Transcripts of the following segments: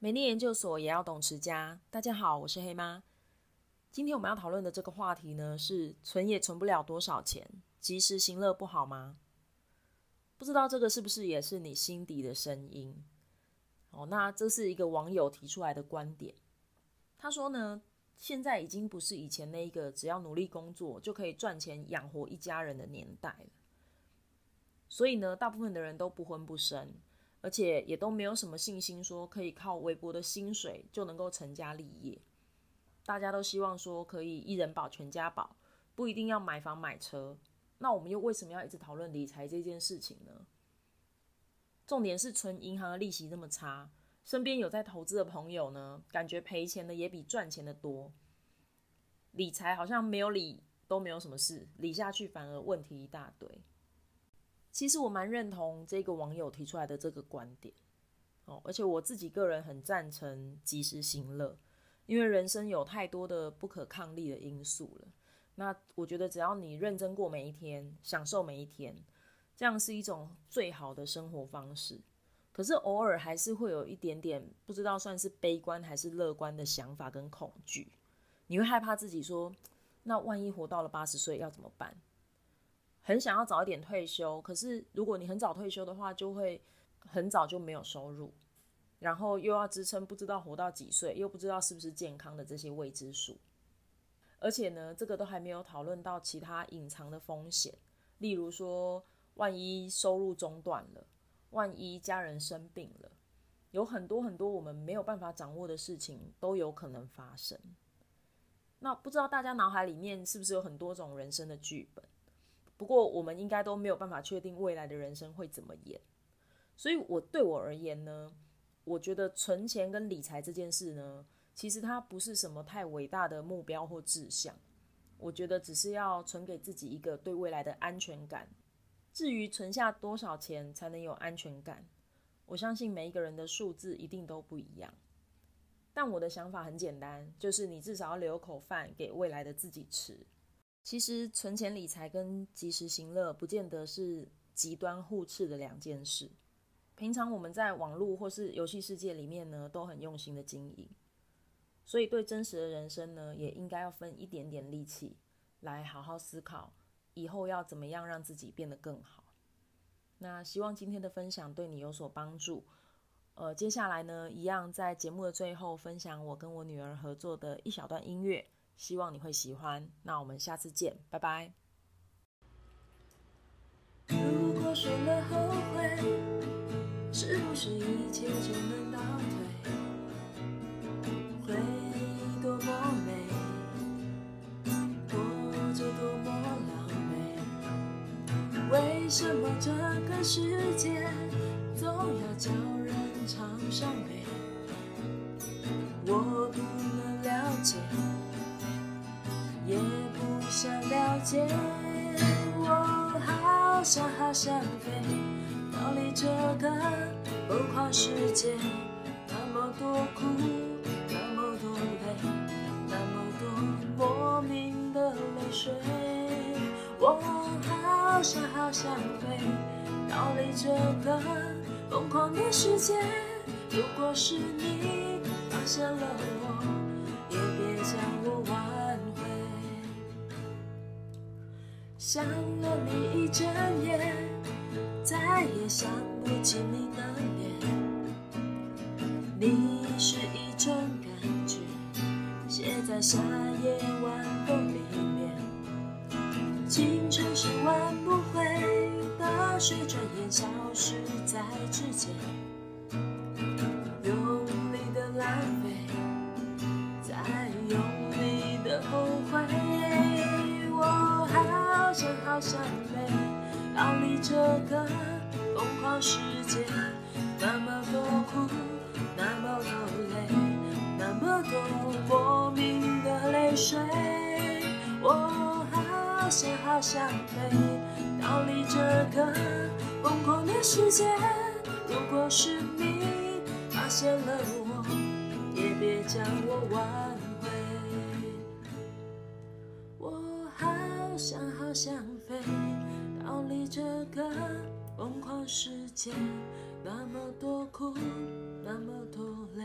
美麗研究所也要懂持家。大家好，我是黑媽。今天我們要討論的這個話題呢，是存也存不了多少錢，及時行樂不好嗎？不知道這個是不是也是你心底的聲音？哦，那這是一個網友提出來的觀點。他說呢，現在已經不是以前那一個只要努力工作就可以賺錢養活一家人的年代了，所以呢，大部分的人都不婚不生。而且也都沒有什麼信心，說可以靠微薄的薪水就能夠成家立業。大家都希望說可以一人飽全家飽，不一定要買房買車。那我們又為什麼要一直討論理財這件事情呢？重點是存銀行的利息那麼差，身邊有在投資的朋友呢，感覺賠錢的也比賺錢的多。理財好像沒有理，都沒有什麼事，理下去反而問題一大堆。其實我蠻認同這個網友提出來的這個觀點，哦，而且我自己個人很贊成及時行樂，因為人生有太多的不可抗力的因素了。那我覺得只要你認真過每一天，享受每一天，這樣是一種最好的生活方式。可是偶爾還是會有一點點不知道算是悲觀還是樂觀的想法跟恐懼，你會害怕自己說，那萬一活到了八十歲要怎麼辦？很想要早一點退休，可是如果你很早退休的話，就會很早就沒有收入，然後又要支撐，不知道活到幾歲，又不知道是不是健康的這些未知數。而且呢，這個都還沒有討論到其他隱藏的風險，例如說，萬一收入中斷了，萬一家人生病了，有很多很多我們沒有辦法掌握的事情都有可能發生。那不知道大家腦海裡面是不是有很多種人生的劇本？不過，我們應該都沒有辦法確定未來的人生會怎麼演，所以，我對我而言呢，我覺得存錢跟理財這件事呢，其實它不是什麼太偉大的目標或志向，我覺得只是要存給自己一個對未來的安全感。至於存下多少錢才能有安全感，我相信每一個人的數字一定都不一樣，但我的想法很簡單，就是你至少要留口飯給未來的自己吃。其實存錢理財跟及時行樂不見得是極端互斥的兩件事。平常我們在網絡或是遊戲世界裡面呢，都很用心的經營，所以對真實的人生呢，也應該要分一點點力氣來好好思考，以後要怎麼樣讓自己變得更好。那希望今天的分享對你有所幫助。呃，接下來呢，一樣在節目的最後分享我跟我女兒合作的一小段音樂。希望你會喜歡，那我們下次見，拜拜。如果說了後悔，是不是一切就能倒退？回憶多麼美，活着多麼狼狽。為什麼這個世界總要叫人嘗傷悲？我好想好想飛，逃離這個瘋狂世界。那麼多苦，那麼多累，那麼多莫名的淚水。我好想好想飛，逃離這個瘋狂的世界。如果是你發現了我，也別將我。想了你一整夜，再也想不起你的臉。你是一種感覺，寫在夏夜晚風裡面。青春是挽不回的水，轉眼消失在指尖。好想飛，逃離這個瘋狂世界。那麼多苦，那麼多累，那麼多莫名的淚水。我好想好想飛，逃離這個瘋狂的世界。如果是你發現了我，也別將我挽留瘋狂世界，那麼多苦，那麼多累，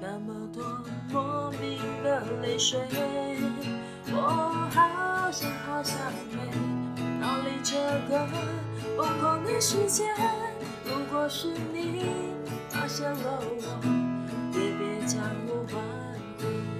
那麼多莫名的淚水，我好想好想飛逃離這個瘋狂的世界。如果是你發現了我，也別將我挽回。